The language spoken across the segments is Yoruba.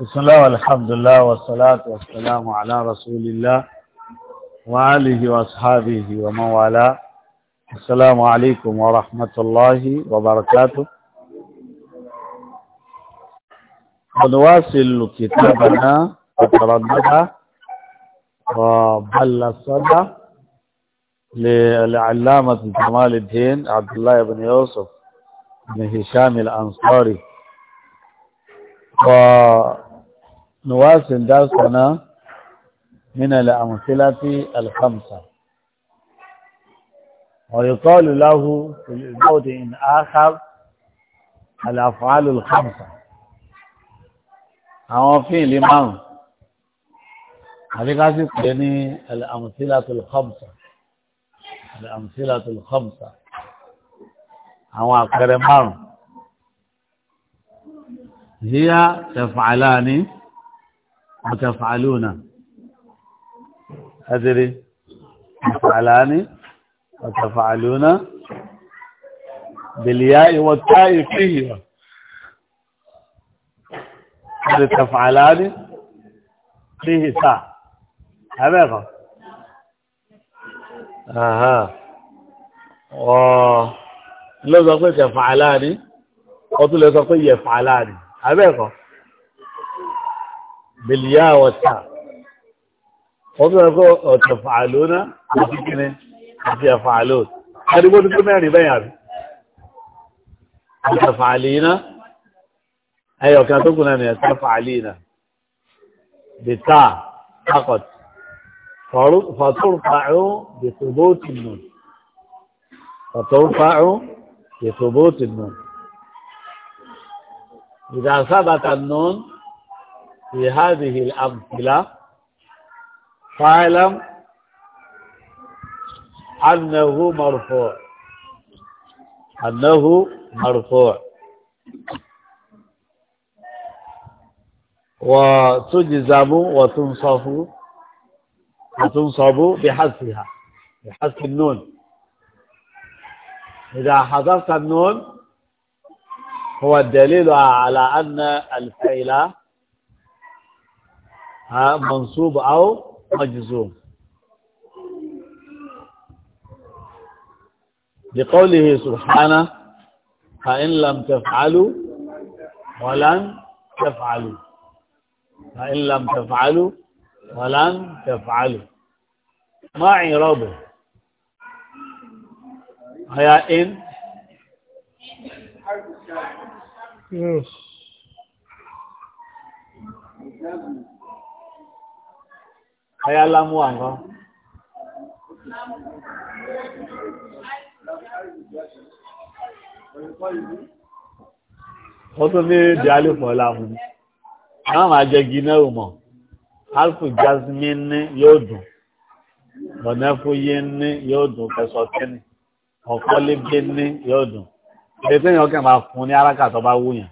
بسم الله والحمد لله والصلاة والسلام على رسول الله وآله وأصحابه ومن والاه السلام عليكم ورحمة الله وبركاته ونواصل كتابنا وترددها وبل الصدى للعلامة جمال الدين عبد الله بن يوسف بن هشام الأنصاري و نواصل درسنا من الأمثلة الخمسة ويقال له في الموضع آخر الأفعال الخمسة àwọn fíìlì márùn àríkásí pé ní al-amthilatul khamsa al-amthilatul khamsa àwọn àpẹẹrẹ márùn hiya taf'alani وتفعلون أدري تفعلان وتفعلون بالياء والتاء فيه هذا فيه تاء حبيبا اها اه لو ذا تفعلان قلت له ذا يفعلان حبيبا bìlíyà ọ̀tà wọ́n bí wọ́n kọ́ ọ̀tọ̀ fàálù náà àti kíni àti ẹ̀fàálù àdúgbò tó tó mẹ́rin bẹ́yà rí ọ̀tọ̀ fàálì náà ẹyọ̀kan tó kù náà ni ọ̀tọ̀ fàálì náà bìtà takọ̀t fọ̀tọ̀rọ̀fàáhùn bìtòbóòtì nù fọ̀tọ̀rọ̀fàáhùn bìtòbóòtì nù في هذه الأمثلة فاعلم أنه مرفوع أنه مرفوع وتجزم وتنصف وتنصب بحذفها بحذف النون إذا حذفت النون هو الدليل على أن الفعل ها منصوب أو مجزوم لقوله سبحانه فإن لم تفعلوا ولن تفعلوا فإن لم تفعلوا ولن تفعلوا ما عرابه هيا إن Yes. Aya lámú àná. Ó tún ní èdè alífọ̀ lámú. Àwọn máa jẹ gínà òmọ̀. Alfu Jasmine ní yóò dùn. Bọ̀nẹ́fúyé ní yóò dùn kẹsọ̀kẹ́ni. Ọ̀pọ̀lébé ní yóò dùn. Èyí tí èèyàn kẹ́ máa fún ní arákà bá wúyàn.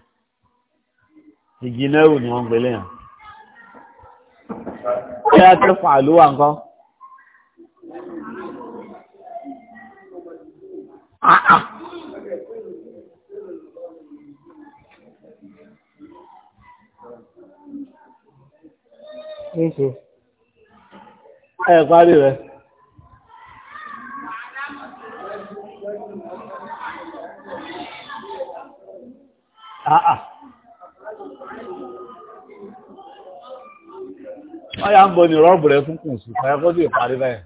Ìgínà òmọ̀ ni gbélé yàn bóyá tó fún àlúwà nǹkan. Ah, ah. Ẹ parí rẹ̀. Ah ah. wọ́n yà ń bọ̀ ní rọ́ọ̀bù rẹ̀ fún kùn sí ọ̀yà kó sì parí bẹ́ẹ̀.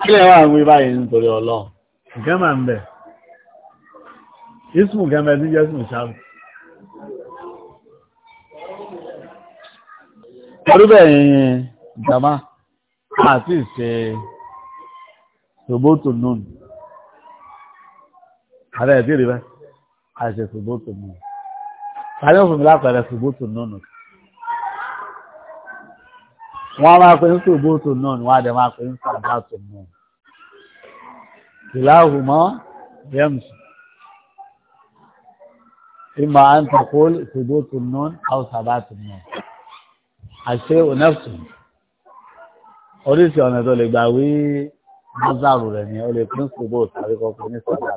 kílẹ̀ wà ń wí báyìí nítorí ọlọ́run gẹ́mà ń bẹ̀ ismu gẹ́mà tí jésù ṣáàbù torí bẹ́ẹ̀ yìnyín ìjàmá àti ìṣe ṣòbótò nùn ààrẹ ẹ̀dí rí bẹ́ẹ̀ àṣẹ ṣòbótò nùn sáré òfin lápẹẹrẹ ṣòbótò nùn wọn máa pè ń ṣòbótò nùn wọn àdẹ máa pè ń ṣàbátò nùn ìlàhùn mọ́ yẹ́mùsù ìmọ̀ à ń tàkó àwọn ṣàbátò nùn àṣẹ ònẹ́fùsùn oríṣi ọ̀nà tó lè gbà wí mọ́sàrù rẹ̀ ni ó lè pín ṣùgbọ́n tàbí kọ́kọ́ ní sọ́dà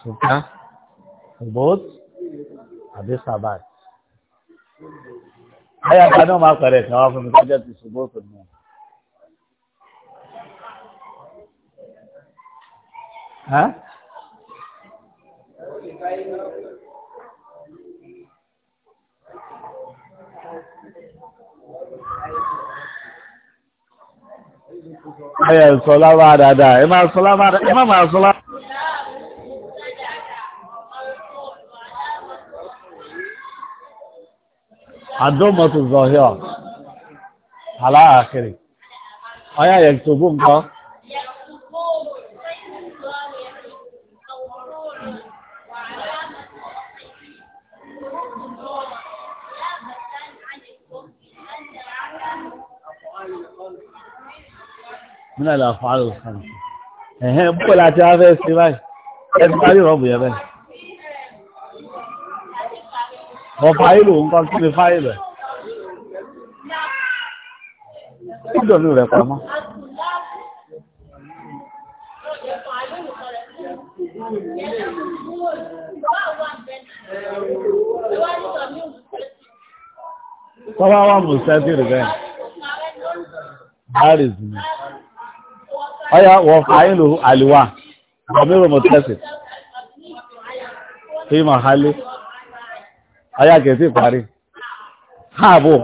ṣùgbọ́n ṣùgbọ́n àbí sàbàt. Ayé àgbà náà máa pẹ̀rẹ̀ kan wá fún mi tọ́jọ́ ti ṣùgbọ́n tó ní. Thank you. Ẹyẹ sọlá bá dáadáa, ẹ máa sọlá bá dáadáa, ẹ má máa sọlá. Àdómọ̀tò zọ̀híọ̀, aláàkiri, ọyá yẹ̀ tó bú nǹkan. nínú àlàfo àlọ́ kàmsì ẹ̀hẹ́ púpọ̀ láti wá fẹ́ sí báyìí ẹni parí rọ́ọ̀bù yẹn bẹ́ẹ̀ ọ̀pá ìlú nǹkan kí ni fáìlì ẹ̀ ìdọ̀lú rẹ̀ pamọ́ Tọ́wọ́ wà mú sẹ́fì rẹ̀ bẹ́ẹ̀. Báàrì zùmí ọya wọ́n fàáyín ló àlìwà ọmọ mọ̀tẹ́sì tí ma hálé ọya kẹtí parí ààbò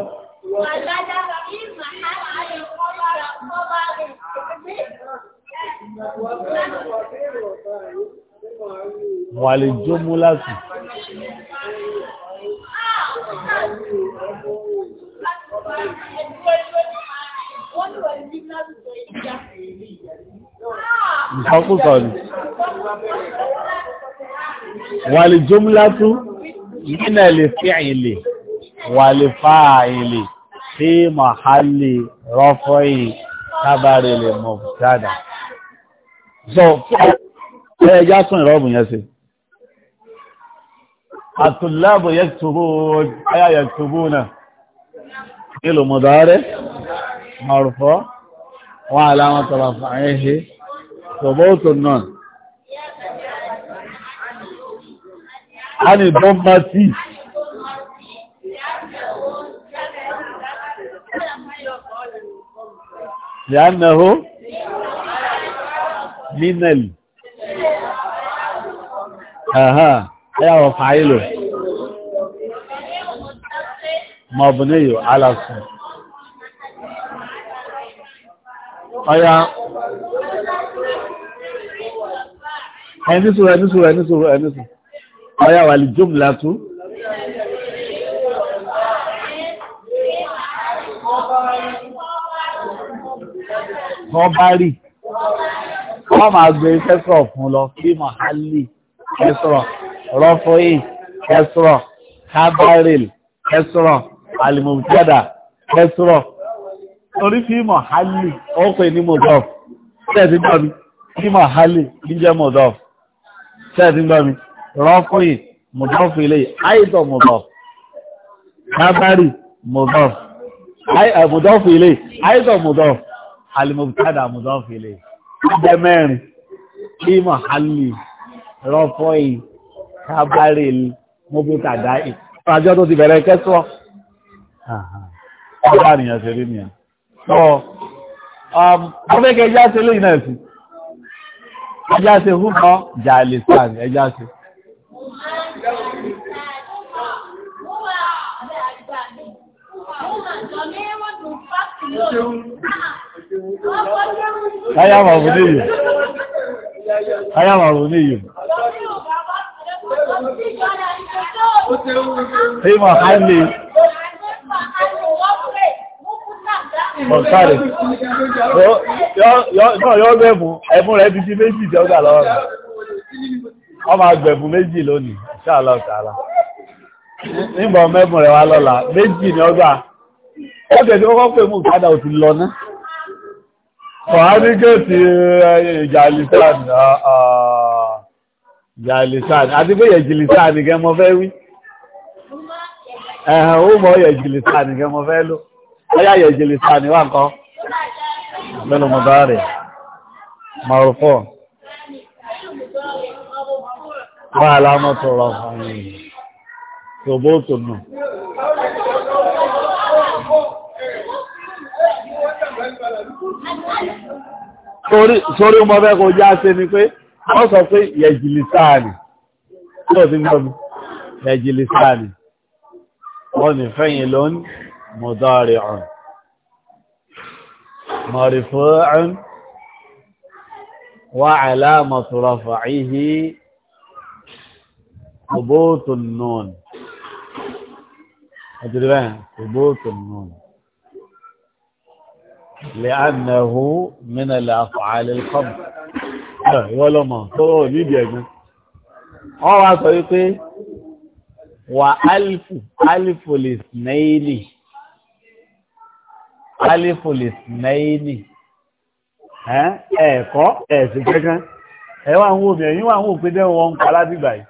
wà lè jó Thank you. ìsọkúsọ ni wàlì jùmlátú nínà lè fi àìlè wàlì fa àìlè tí mọ̀hálì rọ́fọ́ yìí tábàrí lè mọ̀ dáadáa so fún ẹjá tún ìrọ́bù yẹn rẹ̀ mọ̀rùfọ́ wọn àláwọn tọ̀rọ̀ fún àyẹ́ṣẹ́ sọ̀bọ́ọ̀tò náà a ní dọ́mbà tí lẹ́anàhó mínẹ̀lì ẹ̀hàn ẹ̀yàwó fàílò mọ̀bùnẹ́yò alásùn ọya ẹni sọ̀rọ̀ ẹni sọ̀rọ̀ ẹni sọ̀rọ̀ ẹni sọ̀rọ̀ ọ̀yá wà lè jùmùlá tún. wọ́n bá rí wọ́n máa gbé kẹsọ̀rọ̀ fún lọ sí mahali kẹsọ̀rọ̀ rọ́fọ́yì kẹsọ̀rọ̀ kábàrìl kẹsọ̀rọ̀ alimọ̀tẹ́dà kẹsọ̀rọ̀ torí fi mahali ó pè ní mọ̀dọ́f tẹ̀sí náà ní mahali ní jẹ́ mọ̀dọ́f sẹ́ẹ̀tì gbọ́ mi rọ́fì mọ̀dọ́fì ilé àìtọ̀ mọ̀dọ́f kábàárì mọ̀dọ́f mọ̀dọ́fì ilé àìtọ̀ mọ̀dọ́f alimọ̀tàdà mọ̀dọ́fì ilé ẹgbẹ́ mẹ́rin kí mọ̀hálì rọ́fì kábàárì mọ̀bùtàdà ìfọ̀jọ́ tó ti bẹ̀rẹ̀ kẹ́sọ́ ọ̀hán ọ̀hán nìyẹn ṣe rí nìyẹn. ọ̀fẹ́kẹ́ um, yá sílé ìnáà ẹjá ṣe húkọ́ jàlìsàn ẹjá ṣe. Ayáwọ̀ ọ̀rùn ní yìí. Ayáwọ̀ ọ̀rùn ní yìí. Ìmọ̀ hálì ọ̀sáàrẹ̀ náà yọ́ gbẹ̀bùn ẹ̀bùn rẹ̀ ti di méjì tí ó gbà lọ́wọ́ rẹ̀ ọ máa gbẹ̀bùn méjì lónìí ṣáàlọ́ ṣáàlá nígbà mẹ́bùn rẹ̀ wá lọ́la méjì ni ọgbà ó tẹ̀sí kọ́kọ́ mú ìpádà òtún lọ ná kọ̀hánígẹ́ẹ̀tì ìjàlìsàn ìjàlìsàn àti pé yẹ̀jìlìsàn nìkẹ́ wí ẹ̀hàn ó mọ̀ yẹ̀jìlìsàn nìkẹ́ mọ ọyá yẹ ìjìnlẹ̀ sáà ní wà nǹkan lẹ́nu mọ̀dáàrì marufọ́ wà alámọ́tò rọ̀ fún ṣòbótò nù sórí ọmọ bẹ́ẹ̀ kò já ṣe ni pé wọ́n sọ pé yẹ̀jìlì sáà ni tí ó ti ń gbọ́ mi sáà ni wọ́n ní fẹ́yìn lónìí مضارع مرفوع وعلامة رفعه ثبوت النون أدري ثبوت النون لأنه من الأفعال الخمس ولا ما صلوا نيدي أو وألف ألف الاثنين alifu lè sinayini ẹ̀ẹ̀kọ́ ẹ̀sìn kankan ẹ wà ń wò mí ẹ̀yìn wà ń wò pé dẹ́wọ̀n wọn ń pa ládìgbà yìí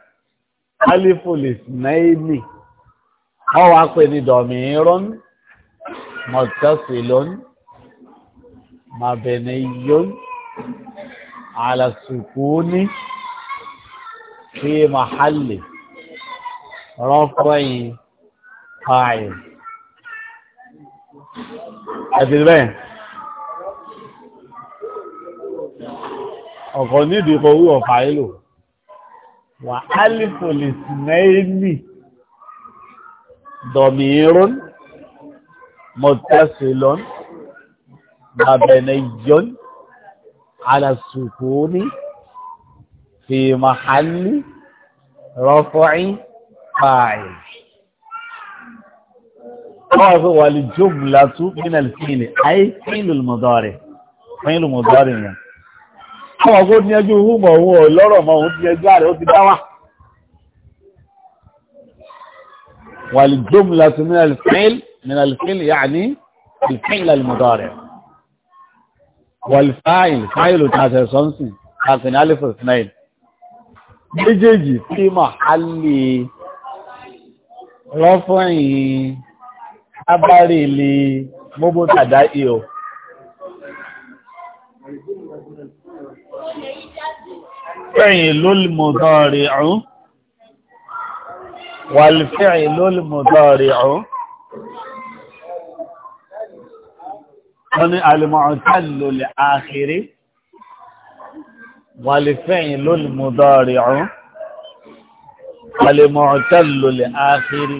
alifu lè sinayini wọ́n wá pè ní dọ̀míìrún mọ̀tẹ́sílón mabẹ̀niyón alasukuni fi mahalli rọ́fọ́yìn fáyìn ẹ̀sìn bẹ́ẹ̀ ọ̀kọ̀ nídìí kò wú ọ̀fà ìlò wà álìfòlìsì mẹ́ẹ̀lì dọ̀míìrún mọ̀tẹ́sílọ́n bàbẹ̀nẹ̀yọ́n alàsùkúní fìmàhálì rọ́fọ́ì fáìlì wọ́n fi wàlí jùmùlá tú nínú ìfìlì ayé fílù mọ̀dọ́rẹ̀ fílù mọ̀dọ́rẹ̀ yẹn àwọn ọkọ̀ ní ẹjọ́ húmọ̀ òun ò lọ́rọ̀ mọ́ òun ti ẹjọ́ rẹ̀ ó ti dáwà wàlí jùmùlá tú nínú ìfìlì nínú ìfìlì yà ní ìfìlì mọ̀dọ́rẹ̀ wàlí tàṣẹ sọ́nsì tàṣẹ ní alifus náà méjèèjì fíìmọ̀ alì rọ́fọ́yìn abari li mubtada iyo fi'lul mudari'u wal fi'lul mudari'u wọ́n ní al-mu'tallu li-akhiri wal-fi'lul mudari'u wal-mu'tallu li-akhiri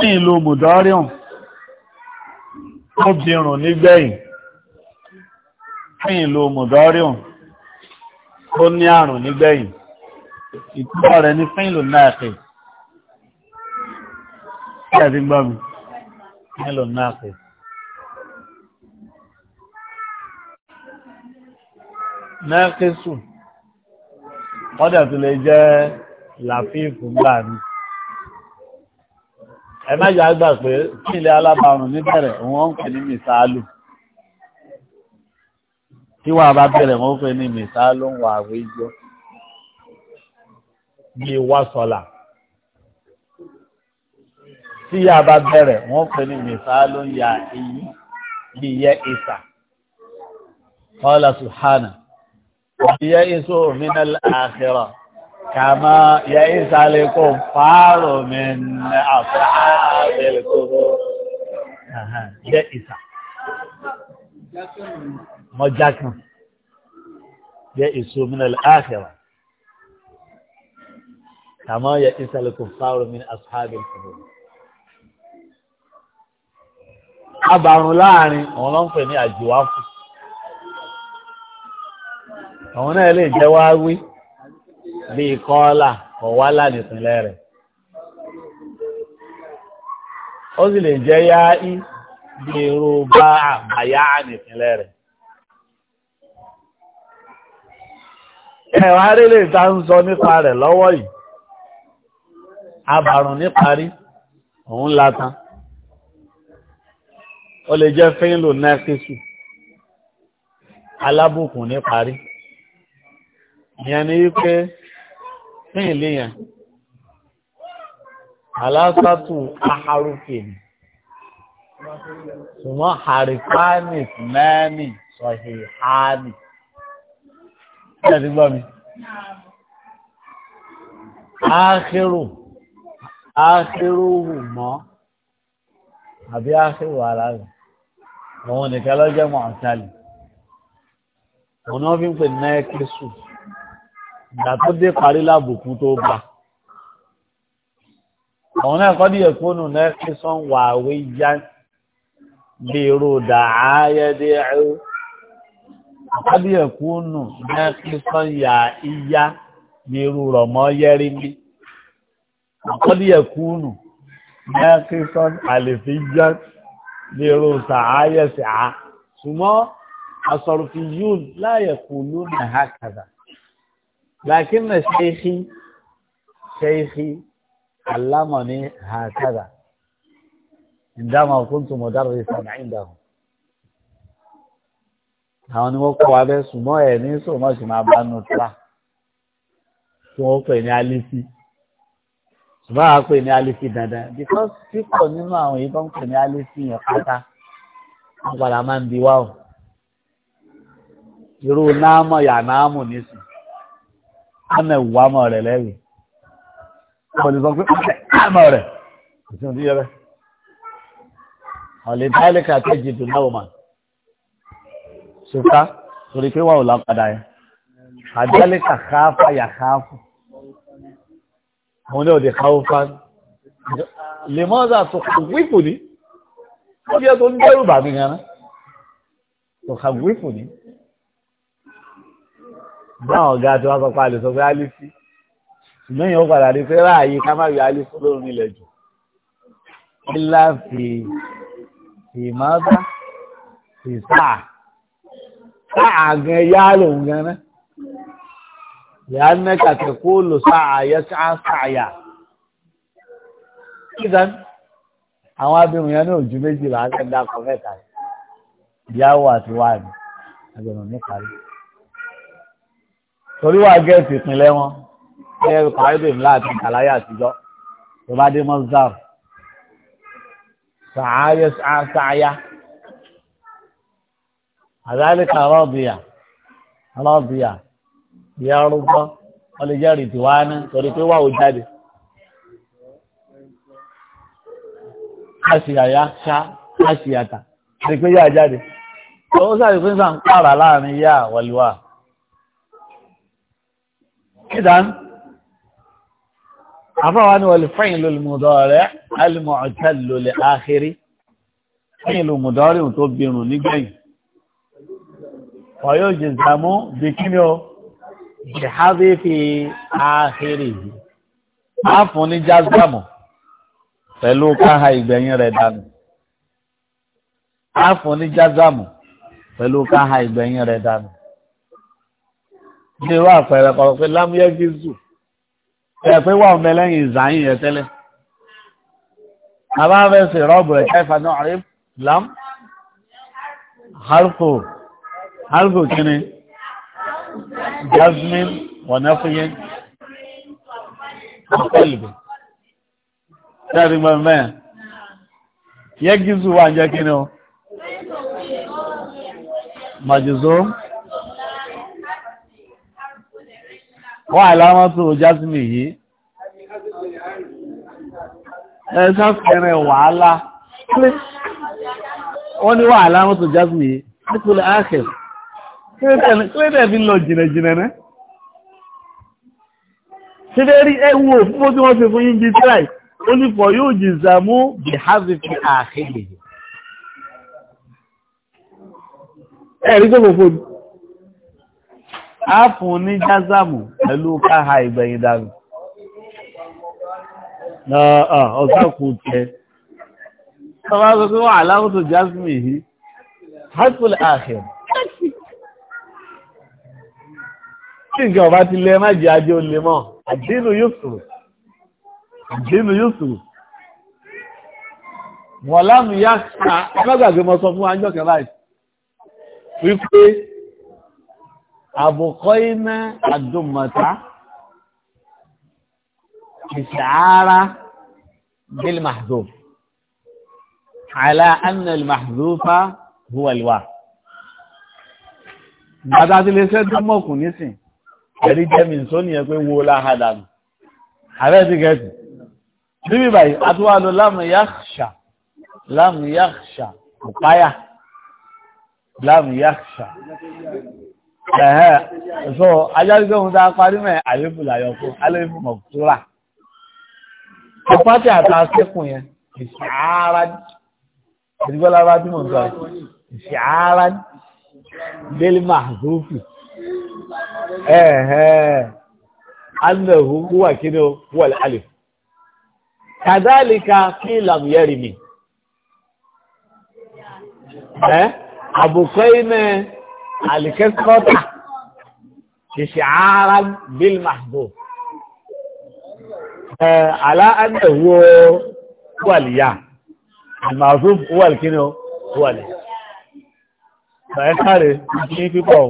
ní ìlú mùdọ́ríùn ó bìrùn nígbẹ̀yìn ní ìlú mùdọ́ríùn ó ní àrùn nígbẹ̀yìn ìtúbọ̀ rẹ̀ ní fíìlù náà pè ẹ̀rí gbọ́mù náà pè náà késù ọdẹ̀ tó lè jẹ́ làfíìfù gbà ní ẹ má yà gbà pé kí ilẹ̀ alábàárùn níbẹ̀rẹ̀ wọ́n ń pè ní mìsáálù tí wà bá bẹ̀rẹ̀ wọ́n pè ní mìsáálù wà àwíjọ́ bí wàsọ̀là tí yà bá bẹ̀rẹ̀ wọ́n pè ní mìsáálù yà èyí bí yẹ ìsà qala subhana yẹ ìsò min al kàmá yẹ ìsàlẹ̀ kó fàárọ̀ mi ní àfẹ́hàbẹ̀lẹ̀ kó yẹ ìsà mọ́jákan yẹ ìsù mìíràn áàkẹ́wà kàmá yẹ ìsàlẹ̀ kó fàárọ̀ mi ní àfẹ́hàbẹ̀lẹ̀ kó abàrùn láàrin àwọn ló ń pè ní àjùwáfù àwọn náà lè jẹ́ wá wí. bíi kọ́ọ́là ọ̀wálà nìpínlẹ̀ rẹ̀ ó sì lè jẹ́ yááí bíi irú bá àbáyá nìpínlẹ̀ rẹ̀. ẹ̀wà ta ń sọ nípa rẹ̀ lọ́wọ́ yìí abàrùn níparí òun latan ó lè jẹ́ fínlò nẹ́kísù alábùkún níparí ìyẹn ni wípé. ẹ̀yìn léyàn alásàtù aharufe ṣùgbọ́n harikani mẹ́ni sọ̀hìhani ẹ̀ ti gbọ́ mi áhírù áhírù hù mọ́ àbí áhírù ara rẹ̀ òun nìkan lọ́jọ́ mọ̀ ọ̀tálì òun náà fi ń pè ní ẹ́kẹ́sù ìgbà tó dé parí lábùkún tó bá àwọn náà kọ́ díẹ̀ fóònù náà kí sọ́n wà wé yá bí irú dàáyẹ́dẹ́ ẹ̀rọ kọ́ díẹ̀ fóònù náà kí sọ́n yà iyá bí irú rọ̀ mọ́ yẹ́rí mi kọ́ díẹ̀ fóònù náà kí sọ́n àlèfé irú sàáyẹ́sì á ṣùgbọ́n asọ̀rọ̀fì yóò láyẹ̀kú lónà hákàdà. لكن شيخي شيخي علمني هكذا عندما كنت مدرسا عنده àwọn ni wọ́n kọ́ wa bẹ́ súnmọ́ ẹ̀ ní sọ̀mọ́ sì máa bá nù tíra tí wọ́n pè ní alifi ṣùgbọ́n àwọn pè ní alifi dandan because pípọ̀ nínú àwọn yìí tó ń pè ní alifi yẹn pátá wọ́n padà máa ń bi wá o irú náàmọ̀ yà náàmù ní sí ọ̀nà ìwà mọ̀ rẹ̀ lẹ́yìn kò lè sọ pé ọ̀nà àmọ̀ rẹ̀ kò sí ohun tí yẹ bẹ́ẹ̀ ọ̀lẹ́ dáìlẹ́kà tẹ́jì dùn náà mà ṣùkà torí pé wà ò lápadà yẹn àdáìlẹ́kà káfà yà káfù àwọn náà dé káfà lè mọ́ ọ́dà tó wípò ní ó yẹ tó ń dẹ́rù bàmí gan-an tó wípò ní báwọn ọ̀gá tí wọ́n sọ pé a lè sọ pé alifi ṣùgbọ́n èèyàn padà rí pé ráàyè ká má rí alifi lórí ilẹ̀ jù ńlá fi ìmọ̀ọ́bá ìsà sáà gan yá lòun gan náà yà á nẹ́ka kẹ́kọ́ lò sáà yẹ sáà sáà yà kíkan àwọn abirùn yẹn náà ju méjìlá akẹ́ńdá kọ́ mẹ́ta ìyáwó àti wáàdì agbẹ̀rún ní parí torí wà gẹ́ẹ̀tì ìpínlẹ̀ wọn ẹ kàáyédè ńlá àti kàláyà àtijọ́ tó bá dé mọ́sáàr sàáyé sàáyá àdáríkà rọ́bìyà rọ́bìyà ìyá rúgbọ́ wọ́n lè jẹ́ rìdìwánà torí pé wà ó jáde. Aṣìyàyá ṣá aṣìyàtà torí pé yà jáde. Ó sáré pé sàn pààrà láàrin yá wọ̀lúwà. إذن عفوا والفعل المضارع المعتل لآخر فعل مضارع تبين نجين ويجزم بكنه في آخره عفوا جزمه فلو كان هاي rẹ̀ ردان. àfọ̀ ní فلو كان هاي ìgbẹ̀yìn ردان ní irú àpẹẹrẹ kọ̀ọ̀ pé lámúyẹ́gízù ẹ̀ pé wà ọmọ ẹlẹ́yìn ìzáyìn yẹn tẹ́lẹ̀ àbá fẹ́ sí rọ́ọ̀bù rẹ̀ káìfà náà rí lám harfo harfo kíni jasmin wọ̀nẹ́fúyẹ́ ọ̀pẹ́lìbì tẹ́rì mẹ́mẹ́ yẹ́gízù wà jẹ́ kíni o màjìzó wọ́n àìlámọ́tò jásímì yìí ẹ̀ṣọ́ fẹ́rẹ̀ wàhálà wọ́n ní wọ́n àìlámọ́tò jásímì yìí nípínlẹ̀ ákẹ̀ kílẹ̀tẹ̀ fi lọ jìnàjìnà náà ṣe fẹ́ rí ẹwù òfúnfó tí wọ́n fi fún yín jí tíráì ó ní fọ yóò jì zàmú bí hazifi àkẹ́lẹ̀ ẹ̀rí tó fòfò á fún ní jázámù pẹ̀lú káha ìgbẹ̀yìn dànù ọ̀sọ́kùn tẹ́ sọ́wọ́ sọ pé wọ́n aláwọ̀tò jasmine yìí hasbul akhir tí nǹkan ọba ti lẹ má jẹ ajé olè mọ́ àdínú yusuf àdínú yusuf wọ̀lámù yá ẹgbẹ́gbàgbé mọ́ sọ fún wa ń jọ́kẹ́ láì àbùkọ́ínà àdùmọ̀tá ìṣàárá bílmàhdùf àlá annalmàhdùfà huwalwa bàtà ti lè ṣe dúnmọ̀kù nísìn ẹ̀rí jẹ́mì tó ní ẹgbẹ́ wo láhàdà nù ààrẹ ti gẹ̀ẹ́sì níbi báyìí àtúwàlò lámùyáṣà lámùyáṣà òpáyà lámùyáṣà ẹ̀hẹ́ so ajárígbé ohun tá a parí mẹ́ àléébù làyọkó àléébù mọ̀kúrà ọpátí àtàkẹ́kùn yẹn ìṣàárá ìdígbọ́ lára tí mo ń sọ ìṣàárá délé màzúfì ẹ̀hẹ́ annahu huwa kino huwa alif kadhalika fi lam yarimi eh abukaina alikẹ́sọ́tà ìṣàárá bíl mahbo aláàdẹ̀ wo wàlìyà àmàzú wàlìkínú wàlìyà ẹ̀kàrẹ̀ ní pípọ̀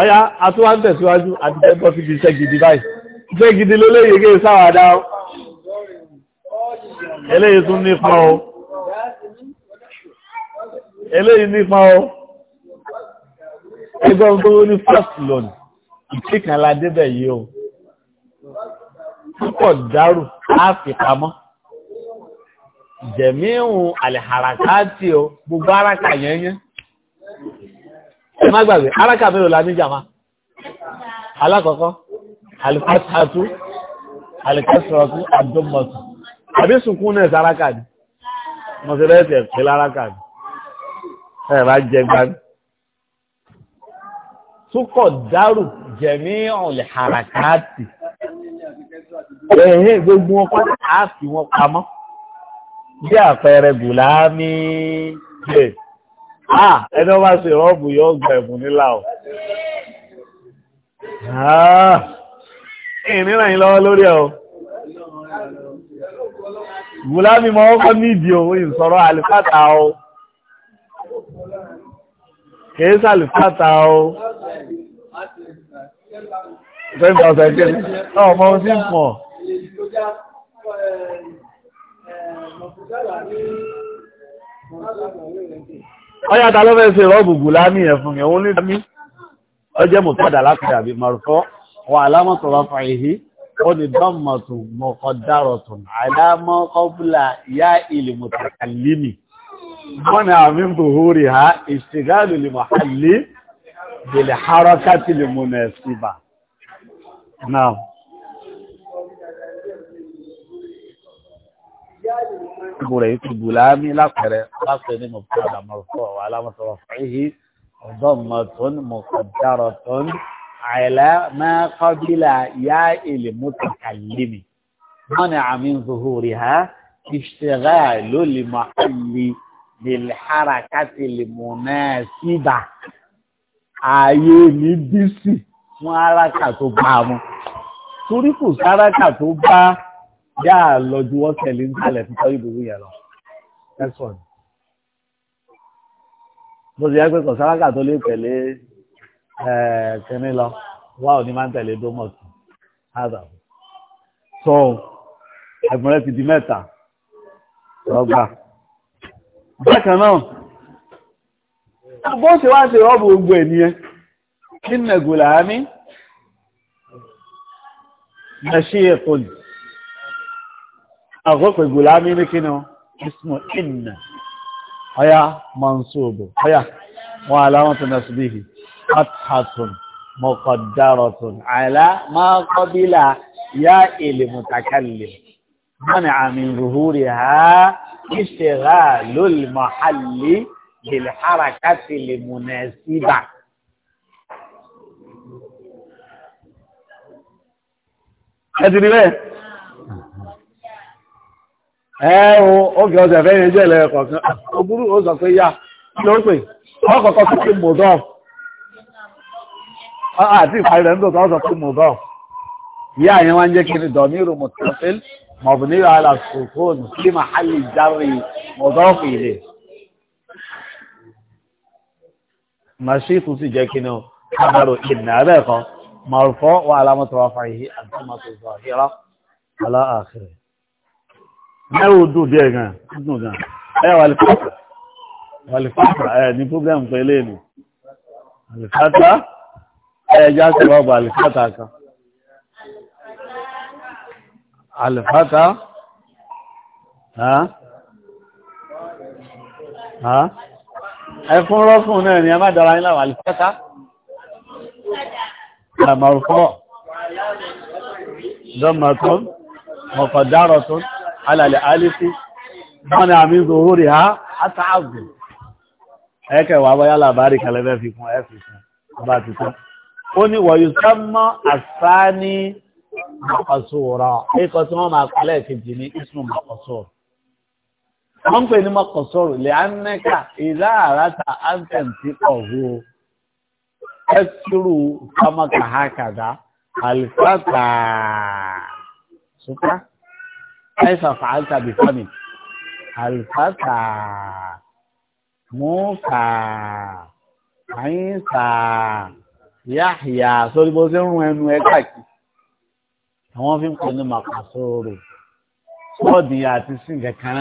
ọya atúwà ń tẹ̀síwájú àti tẹ́gbọ́ sí iṣẹ́ gidi báyìí iṣẹ́ gidi ló lè yege sáwàdá eléyìí tún nípa o eléyìí nípa o ẹgbọ́n tó ní first loan ìpínkan ládébẹ̀ yìí o púpọ̀ dárò láàfin pamọ́ jẹ̀míhùn àlẹ̀hàràkáàtì o gbogbo áràkà yẹn yẹn ẹ má gbàgbé áràkà mélòó la níjàmá alákọ̀ọ́kọ́ alifásitátú alikásitátú àdómọ̀tò àbí sunkún náà sáràkà ni mọ̀sẹ̀lẹ́sẹ̀ pẹ̀lú áràkà ni ẹ bá jẹ gbani túkọ̀ dárù jẹ̀mí ọ̀lẹ̀ hàràkáàtì ẹ̀hẹ́ gbogbo wọn kọ́ á fi wọn pamọ́ bí àpẹẹrẹ gùlámì jẹ à ẹni wọn bá ṣe rọ́ọ̀bù yóò gbà ẹ̀bùn nílà o ìnira yìí lọ́wọ́ lórí ẹ̀ o gùlámì mọ́ ọkọ̀ nídìí o ìsọ̀rọ̀ àlùfáàtà o kèé sàlùfáàtà o ten thousand kí ni ọmọ ohun tí ń pọ̀. ọyá ta ló fẹ́ ṣe rọ́ọ̀bùbù lámì ẹ̀ fún mi òun ní lámì ọjẹ́ mọ̀tàdà lápẹ̀ àbí márùfọ́ wà alámọ̀tọ̀ bá fa ìhí ó ní dánmọ̀tò mọ̀kọ̀dárọ̀tún alámọ̀kọ́bùlà yá ilẹ̀ Now. Ìgbòrè ìtùbù láàmì lápẹẹrẹ láti ní mọ̀kọ́ àmọ̀fọ́ wà lámọ́sọ̀rọ̀ fàíhì ọ̀dọ́mọ̀tún mọ̀kọ̀dárọ̀tún àìlẹ́ mẹ́kọ́bílà yá ilẹ̀ mọ́tàkàlìmì. Wọ́n ni àmì zuhuri ha, ìṣẹ̀rẹ́ ló lè mọ̀ àlè lè hàràkàtì lè mọ̀ náà síbà. Ààyè mi bí sí fún áráka tó bá a mu torí kò sáráka tó bá yá a lọ ju wọ́n tẹ̀lé ń tẹ̀lé fi tọ́ ìbòwú yẹn lọ ẹ̀sọ́ ni bó ti yẹ pé kò sáráka tó lè tẹ̀lé eh, kínní lọ wá òní máa ń tẹ̀lé dómọ̀tì ádà so ẹ̀gbọ́n rẹ ti di mẹ́ta lọ́gbà bákan náà bó ṣe wá ṣe rọ́ọ̀bù gbogbo ẹ̀ nìyẹn inna gulami nashiqun àkókò gulami ní kí ni ismu inna ọya mansubu ọya wọn alamatu nasbihi fathatun mọ̀kọ̀dárọ̀tún àìlá máa kọ́bílà yá ìlèmùtàkàlè mọ́nà àmì rúhúrí ha ìṣẹ̀rá lólùmọ̀hálì lè hàràkátì lè múnẹ̀ síbà. ẹ̀tì rí bẹ́ẹ̀ ẹ̀rù ókè ọ̀sẹ̀ fẹ́ yẹn jẹ́lẹ̀ ẹ̀kọ̀kan ogúrú ó sọ pé yá ló pè ọkọ̀kọ́ tó pé mọ̀dọ́f àti ìparí rẹ̀ ń dò tó sọ pé mọ̀dọ́f yá yẹn wá ń jẹ́ kí ni dọ̀míru mọ̀tẹ́fẹ́l mọ̀bùnírù alàsòkòn sí màhálì járì mọ̀dọ́f ilé màṣí tún sì jẹ́ kí ni ó kábàrò ìnà rẹ̀ kan مرفوع وعلامة رفعه الضمة الظاهرة على آخره ما هو الدو دي جان الدو جان ايوه الفتح والفتح ايه دي بروبلم قيليني الفتح ايه جاسي بابا الفتح كا الفتح ها ها ايه فون رفعون ايه يا ما دراين لو الفتح مرفوع ضمة مقدرة على الألف منع من ظهورها التعظم هيك وابا يلا بارك لنا فيكم أفسكم قولي ويسمى الثاني مقصورا اي قسمه مع قلاك الجني اسمه مقصور هم قيني مقصور لأنك إذا أردت أن تنتقه asiru kama ka hakaza alfata suka kaifa fa'alta bi fami alfata musa ayinsa yahya sórí bó ṣe ń rún ẹnu ẹ káàkiri àwọn fi ń pè ní makasoro sọọdì àti sìnkẹ kan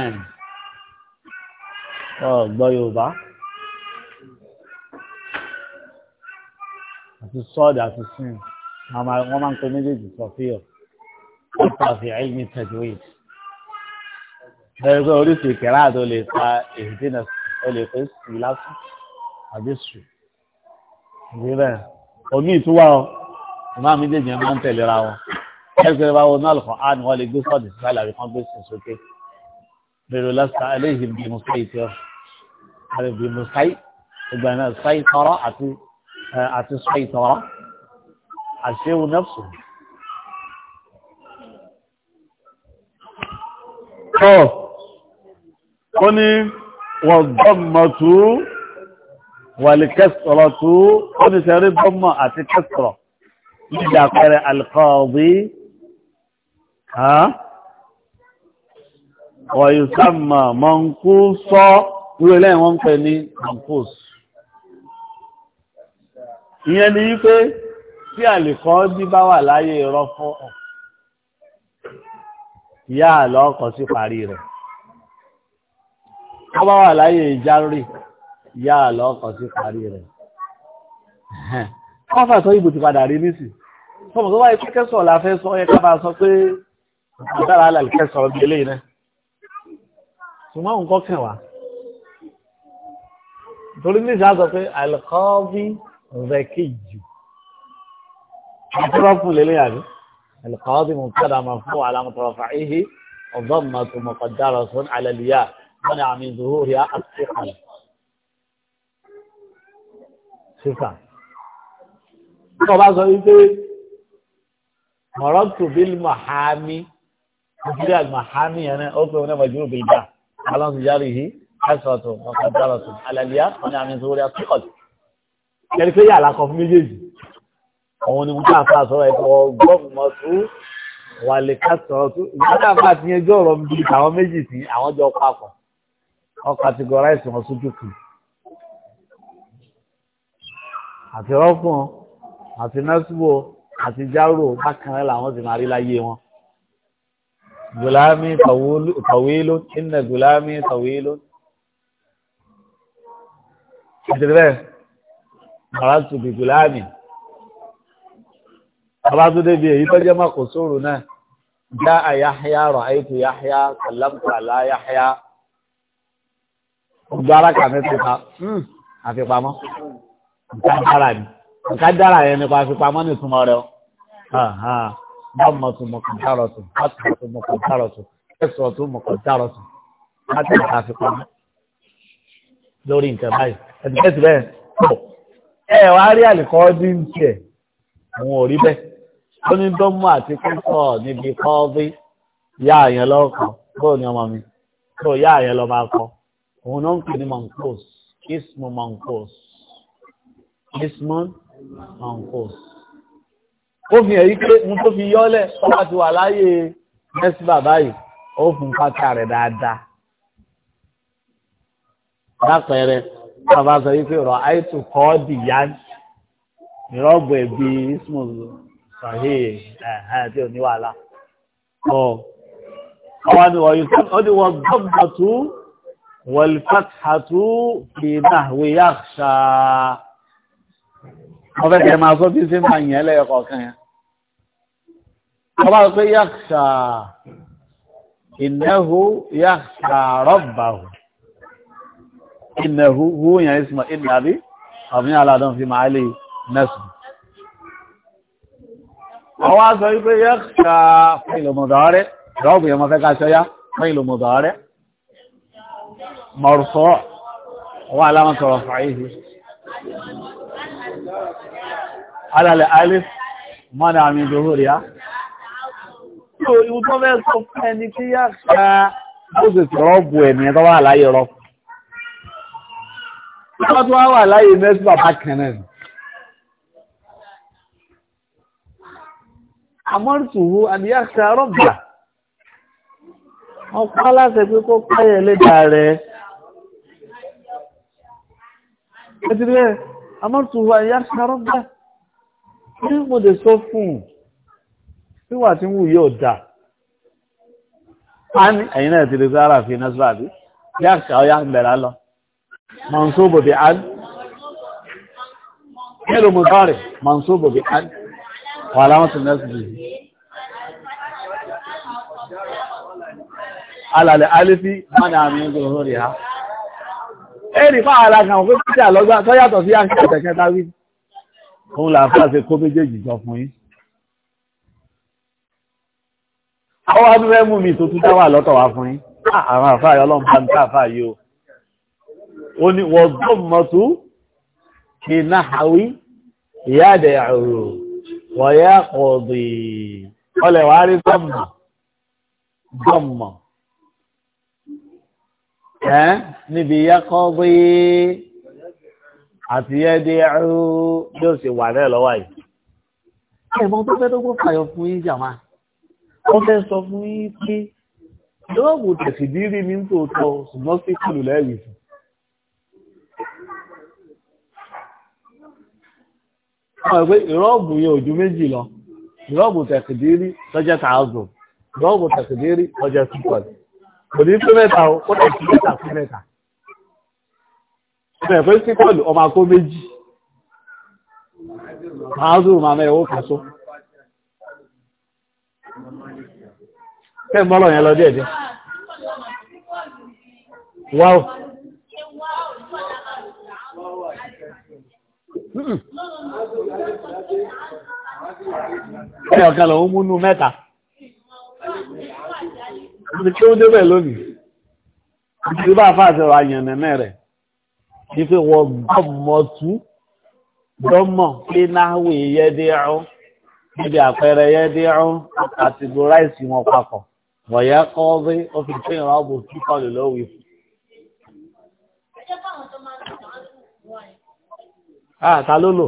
náà yorùbá. àti sọ́ọ̀dù àti sin wọ́n máa ń pe méjèèjì sọ̀fíọ̀ nípa fi ẹ̀yìn tajwid. bẹ́ẹ̀ pé oríṣi ìkẹ́rà àti olè ta èdènà olè pé sùn lásán àbí sùn. ìdí bẹ́ẹ̀ omi ìtúwà ọ ìmọ̀ àmì méjèèjì máa ń tẹ̀lé ra wọn. ẹgbẹ́ bá wọn náà lọ́kọ̀ á ní wọ́n lè gbé sọ́ọ̀dù sísàlẹ̀ àbí wọ́n gbé sùn sókè. bẹ̀rẹ̀ lásìkò eléyìí bí mo sáyì tẹ́ ọ àti sọ ìtàn àṣewu nẹ́fṣù. Tọ́ ó ní wọ́n gbọ́mọ̀ tú wàlì kẹsọ̀rọ̀ tú ó ní sẹ́rí gbọ́mọ̀ àti kẹsọ̀rọ̀ nígbà pẹ̀rẹ̀ alkọ́ọ̀bí wọ̀nyí sáàmà mọ̀nkú sọ wíwẹ̀lẹ́ wọ́n pẹ̀ ní mọ̀nkú sọ ìyẹn ni wípé tí àlèkọ́ bí bá wà láyé irọ́ fún ọ ìyá àlọ́ ọkọ̀ sí parí rẹ̀ tó bá wà láyé ìjárì ìyá àlọ́ ọkọ̀ sí parí rẹ̀ káfà tó ìbò ti padà rí nísì fọmọ tó wáyé pé la fẹ́ sọ yẹ ká sọ pé àdára alàlè kẹsàn ọdún eléyìí náà ṣùgbọ́n nǹkan kẹwàá torí níjà sọ pé àlùkọ́ bíi ọ̀rẹ́ kejì àtúrọ́fù lélẹ̀ àbí ẹ̀lẹ́kọ́ọ́dì mú kádà máa fún alámọ̀tọ́rọ̀fà ihe ọ̀gbọ́n máa tó mọ̀ kọjára sún alẹ́lìyà wọ́n ni àmì ìdúró rí àti àlẹ́ sífà tí wọ́n bá sọ wípé mọ̀rọ́tù bíl mahami ìdílé àgbàhámi yẹn ó pé wọn mọ̀jú bíl gbà alonso yàrá yìí kásọ̀tù mọ̀kàdára sún alẹ́lìyà wọ́n ni àmì ìdúró rí àti àlẹ́ ẹni pé yàrá kan fún méjèèjì àwọn ni mo bá fa sọ̀rọ̀ ẹ̀kọ́ gbọ́mọ̀ tó wà lè ká sọ̀rọ̀ tó ìgbàdà bá ti yẹn jọ̀rọ̀ mi bíi àwọn méjì sí àwọn jọ papọ̀ wọn categorize wọn sójú kù àti rọ́fún àti násìwò àti járò bákan náà làwọn sì máa rí láyé wọn. Gùlámì tàwílò ìnà gùlámì tàwílò. Ìdílé bẹ́ẹ̀ bàbá tó bìbù láàmì bàbá tó débi èyí tó jẹ́ má kò sóòrò náà já hmm, a Yahya rọ̀ àìkú Yahya kàlámùkù àlá Yahya gbogbo ara kà mẹ́tẹ̀ẹ̀ta àfipamọ́ nǹkan dára ni nǹkan dára yẹn nípa àfipamọ́ nìtumọ̀ rẹ o bọ́ọ̀mọ̀ tó mọ̀kàn dárọ̀ tó bàtà tó mọ̀kàn dárọ̀ tó ẹ̀sọ̀ tó mọ̀kàn dárọ̀ tó bàtà àfipamọ́ lórí nǹkan báyìí ẹ̀dùnkẹ́sì bẹ́ẹ̀ tó ẹ wá rí àlìkọ́ ọdún ń tiẹ̀ àwọn ò rí bẹ́ẹ̀ ó ní dọ́mú àti pípọ̀ níbi kọ́ọ́bí yá àyẹn lọ́kàn bóò ni ọmọ mi tó yá àyẹn lọ máa kọ òun náà ń pè ní mancos ismo mancos ismo mancos ó fi hàn yí pé mo tó fi yọ́lẹ̀ ọba ti wà láyé mẹ́sì bàbá yìí ó fún pátá rẹ̀ dáadáa lápẹẹrẹ wọ́n bá sọ wípé ọ̀rọ̀ àìtù kọ́ dìyá ìrọ́bù ẹ̀bí ismail sọ̀hí ẹ̀hẹ́ tí ò ní wàhálà ọ̀ ọwọ́ ni wọ́n yìí ó ní wọ́n gbọ́dọ̀ tú wọ̀lfàtàtú ìdá wíyá ṣá wọ́n fẹ́ kẹ́ máa sọ bí sí máa yẹn lẹ́yọkọ̀ kan yẹn wọ́n bá sọ pé yá ṣá ìnáwó yá ṣá rọ́bà hù innahu hu yẹn ismu inna bi ọ̀fin aládùn fi máa lè nẹ́sùn. Àwọn aṣọ wípé yẹ́ ká fún ìlòmọ̀dọ̀ rẹ̀, rọ́ọ̀bù yẹn mọ́ fẹ́ ká ṣọ́yá fún ìlòmọ̀dọ̀ rẹ̀. Mọ̀rùsọ́ wà alámọ̀sọ̀rọ̀ fàáyìí. Alàlẹ̀ Alif, mọ́nà àmì ìdòwò rí á. Yóò ìwú tó fẹ́ Wọ́n tó wá wà láyé mẹ́sùn bàbá kan náà. Àmọ́rùsùwò àdìyá ṣe arọ́bà. Wọ́n pa láṣẹ pé kó páyẹ ẹlẹ́dà rẹ̀. Ẹ ti rẹ̀, àmọ́rùsùwò àdìyá ṣe arọ́bà. Ní mo dẹ̀ sọ fún un, wíwà tí wù yóò dà. Ẹ̀yin náà ti rí sára fi náà sára bí. Yá ṣe ọyá ń bẹ̀rẹ̀ lọ. منصوب بأن فعل مضارع منصوب بأن وعلامة النصب على الألف منع من ظهورها ẹni fáwọn alákan òfin títí àlọ́gbà tó yàtọ̀ sí àṣíkà tẹ̀kẹta wí òun làfáàṣe kó méjèèjì jọ fún yín àwọn adúrẹ́mù mi tó tún dáwà lọ́tọ̀ wá fún yín ah, àwọn àfáà yọ́lọ́mù bá ń tàfáà yóò ó ní wọ́gbọ́mọ̀tú kí náhàwí ìyáàdẹ̀ àrò wọ̀yá ọ̀dì ọlẹ̀ wà rí gọ́mọ̀ gọ́mọ̀ ẹ́ níbi yákọ́bí àti yẹ́dẹ̀ àrò yóò sì wà rẹ̀ lọ́wọ́ yìí ẹ̀mọ́ tó fẹ́ tó gbọ́ fàyọ fún yín jàmá wọ́n fẹ́ sọ fún yín pé lọ́wọ́ kò tẹ̀sì dírí ní tòótọ́ ṣùgbọ́n sí kìlù lẹ́yìn fún ọ̀rọ̀ pé ìrọ́ọ̀bù yẹn ò méjì lọ ìrọ́ọ̀bù tẹ̀kìdírí lọ́jẹ́ tààzù ìrọ́ọ̀bù tẹ̀kìdírí lọ́jẹ́ túpọ̀ kò ní pé mẹ́ta ó tẹ̀kì mẹ́ta ẹ̀ ọ̀kan lọ múnú mẹ́ta ti kí ó débẹ̀ lónìí ti bá fàṣẹ àyànnà náà rẹ̀ ní pé wọ́n gbọ́mọ̀tú gbọ́mọ̀ pé náwó yẹ́dẹ́ ọ́ níbi àpẹẹrẹ yẹ́dẹ́ ọ́ categorize wọn papọ̀ bọ̀yá kọ́ bí ó fi pé ìrọ̀ ọ̀bùn kíkọ́ lè lọ́wọ́ ìfún. Ah, ta ló lò?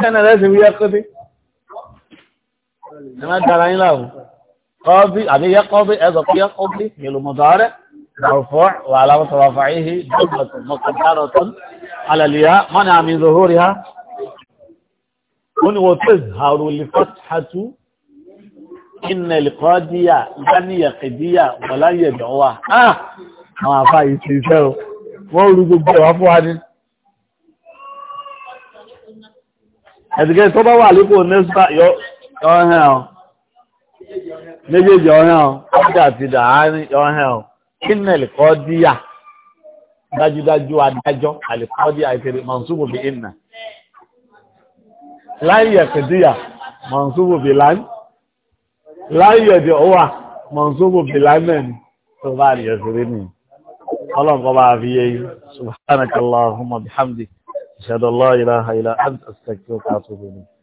Kẹ́nà lẹ́sìn bí yẹ́kọ́dé. Ẹ má dára yín láàrùn. Kọ́bí àbí yẹ́kọ́bí ẹ̀sọ̀ pé yẹ́kọ́bí nílùú mọ̀tàárẹ̀. Àrùfọ́ wà aláwọ̀sọ̀ wà fàáyé dọ́gbọ̀tún mọ̀kàndárọ̀tún. Alàlìyá mọ́nà àmì ìzòhórí ha. Ó ní wọ́n tó ìhàrù lìfọ́tàtú. Ìnà ìkọ́díyà, ìdániyà kìdíyà, wọ̀láyẹ̀ dọ̀wà. Àwọn àfáà yìí ti iṣẹ́ Wọ́n rú gbogbo àwọn ẹ̀dùkẹ́ tó bá wà lípò nẹ́sà yọ ọ̀hẹ́ ọ̀ méjèèjì ọ̀hẹ́ ọ̀ ọjà àti dàárín ọ̀hẹ́ ọ̀ kínẹ̀lì kọ́ díyà dájúdájú adájọ́ àlìkọ́dí àìtẹ̀lẹ̀ mọ̀nsúbù bí ìnà láyẹ̀kẹ̀ díyà mọ̀nsúbù bí lán láyẹ̀dẹ̀ ọwà mọ̀nsúbù bí lánàní tó bá rí ẹ̀sìn rí ni ọlọ́nkọ́ bá أشهد الله إله إلا أنت أستغفرك وأتوب إليك